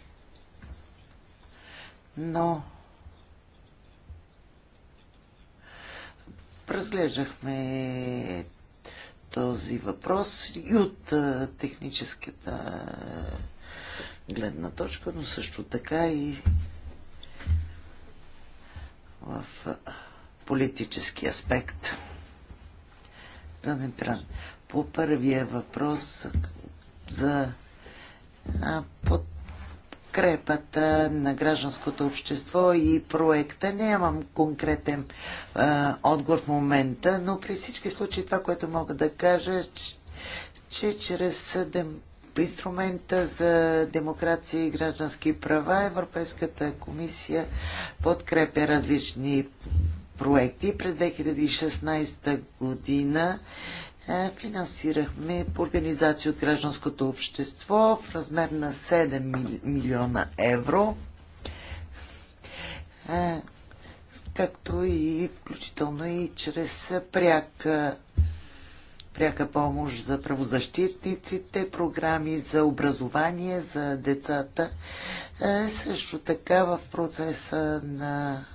Но разглеждахме този въпрос и от техническата гледна точка, но също така и в политически аспект. По първия въпрос за подкрепата на гражданското общество и проекта. Нямам конкретен а, отговор в момента, но при всички случаи това, което мога да кажа, че, че чрез 7 инструмента за демокрация и граждански права Европейската комисия подкрепя различни проекти. През 2016 година е, финансирахме по организация от гражданското общество в размер на 7 милиона евро, е, както и включително и чрез пряк е, пряка помощ за правозащитниците, програми за образование за децата. Е, също така в процеса на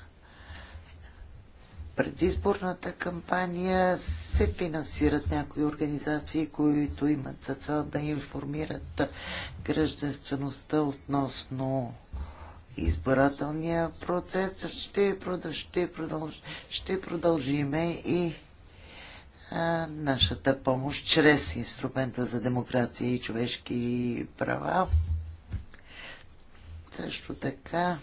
предизборната кампания се финансират някои организации, които имат за цел да информират гражданствеността относно избирателния процес. Ще, продъл... ще, продъл... ще продължиме и нашата помощ чрез инструмента за демокрация и човешки права. Също така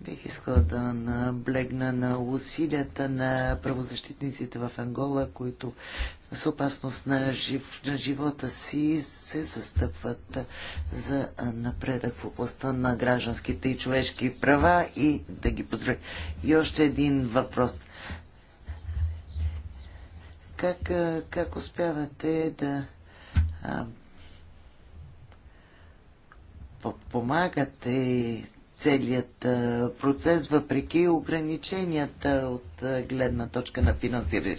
бих искала да наблегна на усилията на правозащитниците в Ангола, които с опасност на, жив, на живота си се застъпват за напредък в областта на гражданските и човешки права и да ги поздравя. И още един въпрос. Как, как успявате да а, подпомагате целият а, процес, въпреки ограниченията от а, гледна точка на финансиране?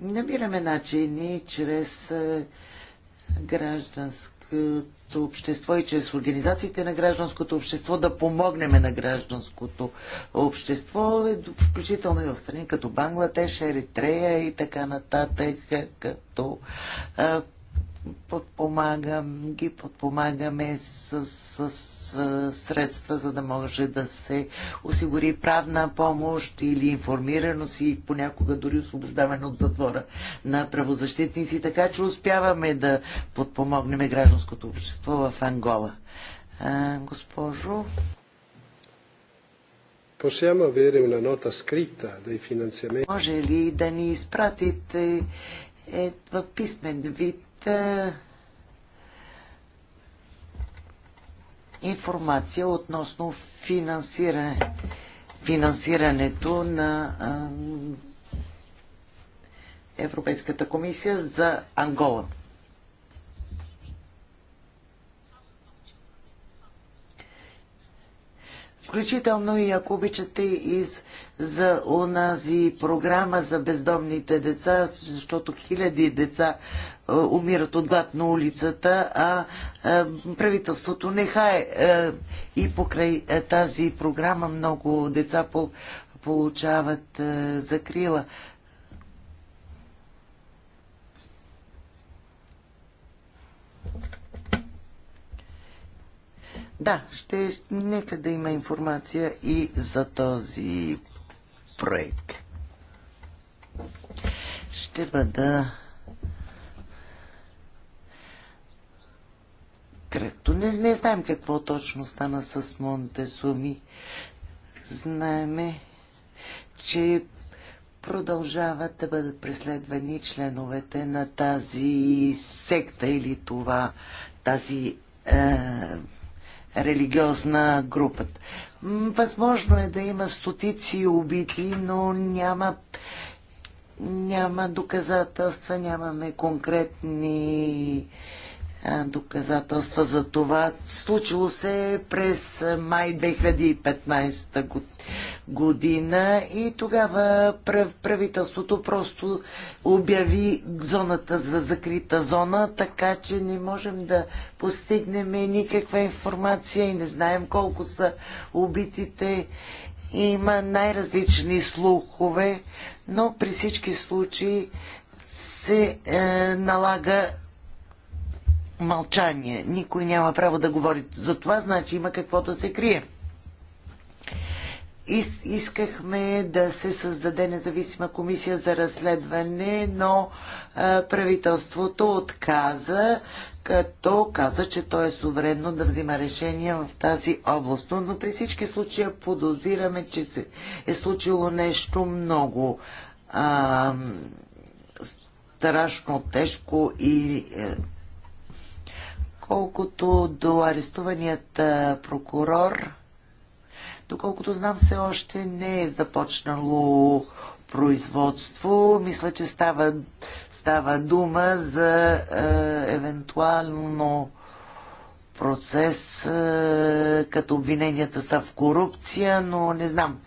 Намираме начини чрез гражданското общество и чрез организациите на гражданското общество да помогнем на гражданското общество, е, включително и в страни като Бангладеш, Еритрея и така нататък, като подпомагам, ги подпомагаме с, с, с е, средства, за да може да се осигури правна помощ или информираност и понякога дори освобождаване от затвора на правозащитници, така че успяваме да подпомогнем гражданското общество в Ангола. А, госпожо. Possiamo avere una nota scritta dei finanziamenti? Може ли да ни изпратите е в писмен вид информация относно финансиране, финансирането на Европейската комисия за Ангола. включително и ако обичате из, за онази програма за бездомните деца, защото хиляди деца е, умират от глад на улицата, а е, правителството не хае е, и покрай тази програма много деца по, получават закрила. Да, ще, нека да има информация и за този проект. Ще бъда кръгто. Не, не знаем какво точно стана с Монтесуми. Знаеме, че продължават да бъдат преследвани членовете на тази секта или това, тази е, религиозна групата. Възможно е да има стотици убити, но няма, няма доказателства, нямаме конкретни доказателства за това. Случило се през май 2015 година и тогава правителството просто обяви зоната за закрита зона, така че не можем да постигнем никаква информация и не знаем колко са убитите. Има най-различни слухове, но при всички случаи се е, налага мълчание. Никой няма право да говори за това, значи има какво да се крие. Ис, искахме да се създаде независима комисия за разследване, но а, правителството отказа, като каза, че то е суверенно да взима решения в тази област. Но, при всички случаи подозираме, че се е случило нещо много а, страшно, тежко и е, Колкото до арестуваният прокурор, доколкото знам, все още не е започнало производство. Мисля, че става, става дума за е, евентуално процес, е, като обвиненията са в корупция, но не знам.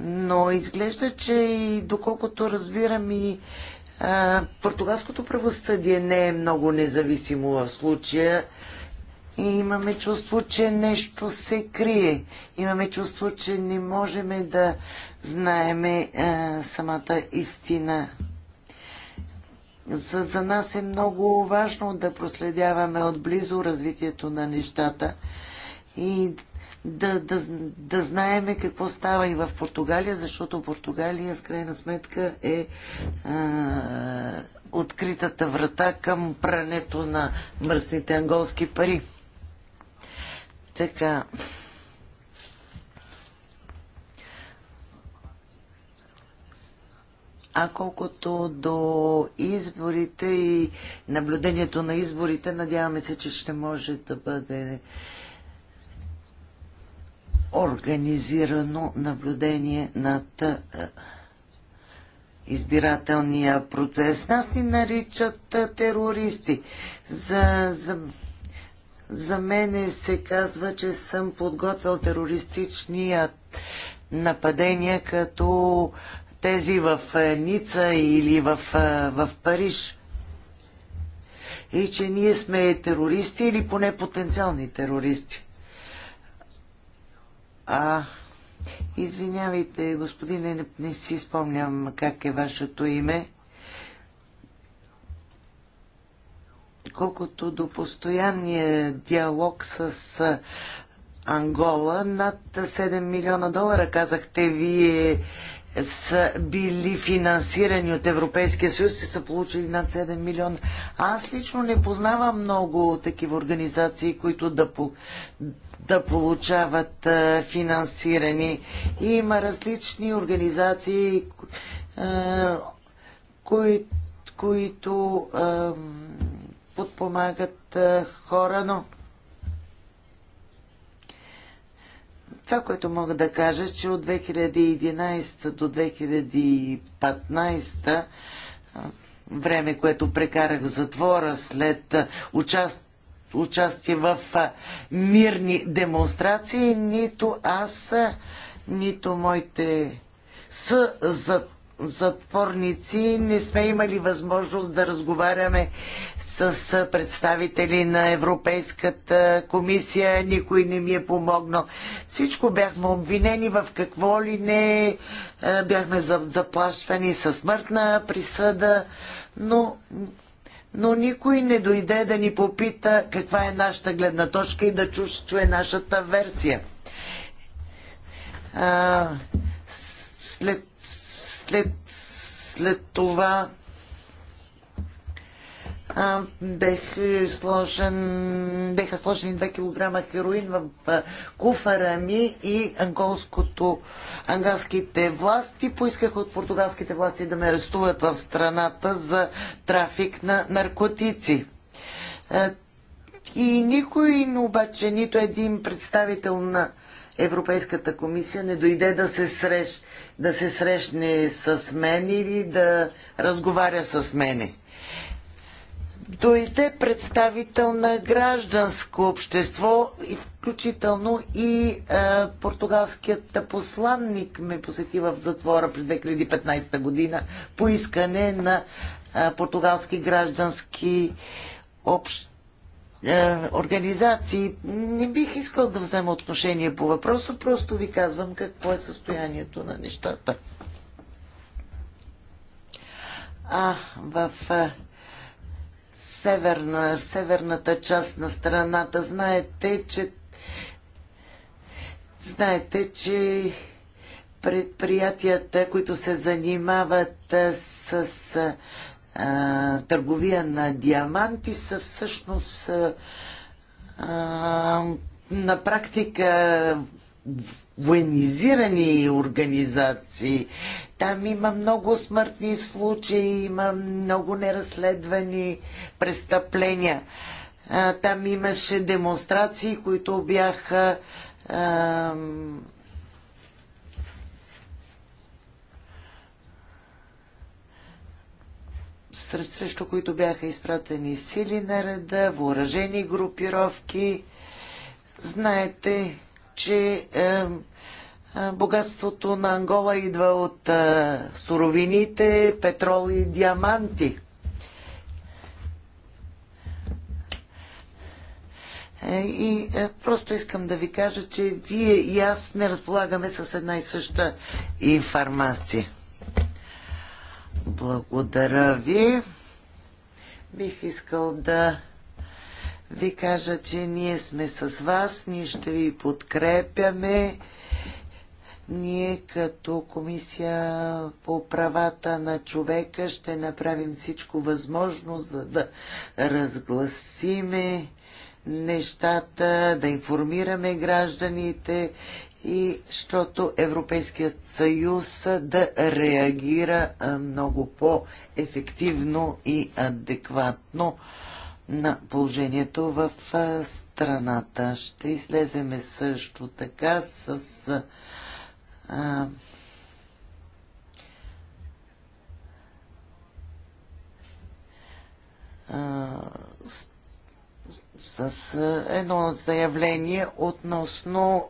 Но изглежда, че и доколкото разбирам и португалското правосъдие не е много независимо в случая и имаме чувство, че нещо се крие. Имаме чувство, че не можем да знаеме а, самата истина. За, за нас е много важно да проследяваме отблизо развитието на нещата и да, да, да знаеме какво става и в Португалия, защото Португалия в крайна сметка е а, откритата врата към прането на мръсните анголски пари. Така. А колкото до изборите и наблюдението на изборите, надяваме се, че ще може да бъде организирано наблюдение над избирателния процес. Нас ни наричат терористи. За, за, за мене се казва, че съм подготвил терористични нападения като тези в Ница или в, в Париж. И че ние сме терористи или поне потенциални терористи. А, извинявайте, господине, не, не си спомням как е вашето име. Колкото до постоянния диалог с Ангола, над 7 милиона долара, казахте вие, са били финансирани от Европейския съюз и са получили над 7 милиона. Аз лично не познавам много такива организации, които да, по, да получават а, финансирани. И има различни организации, а, кои, които а, подпомагат а, хора, но Това, което мога да кажа, е, че от 2011 до 2015 време, което прекарах в затвора след участ... участие в мирни демонстрации, нито аз, нито моите са за затворници не сме имали възможност да разговаряме с представители на Европейската комисия. Никой не ми е помогнал. Всичко бяхме обвинени в какво ли не. Е, бяхме заплашвани със смъртна присъда, но но никой не дойде да ни попита каква е нашата гледна точка и да чуе нашата версия. А, след след, след това а, бех сложен, беха сложени 2 кг хероин в куфара ми и анголското, ангалските власти поискаха от португалските власти да ме арестуват в страната за трафик на наркотици. И никой, обаче, нито един представител на Европейската комисия не дойде да се срещ, да се срещне с мен или да разговаря с мене. Дойде представител на гражданско общество, включително и е, португалският посланник ме посети в затвора през 2015 година по искане на е, португалски граждански общества. Е, организации. Не бих искал да взема отношение по въпроса, просто ви казвам какво е състоянието на нещата. А в е, северна, северната част на страната знаете, че знаете, че предприятията, които се занимават е, с а, търговия на диаманти са всъщност а, на практика военизирани организации. Там има много смъртни случаи, има много неразследвани престъпления. А, там имаше демонстрации, които бяха а, срещу които бяха изпратени сили на реда, въоръжени групировки. Знаете, че е, е, богатството на Ангола идва от е, суровините, петрол и диаманти. Е, и е, просто искам да ви кажа, че вие и аз не разполагаме с една и съща информация. Благодаря ви. Бих искал да ви кажа, че ние сме с вас, ние ще ви подкрепяме. Ние като комисия по правата на човека ще направим всичко възможно, за да разгласиме нещата, да информираме гражданите и защото Европейският съюз да реагира много по-ефективно и адекватно на положението в страната. Ще излеземе също така с а, а, с с едно заявление относно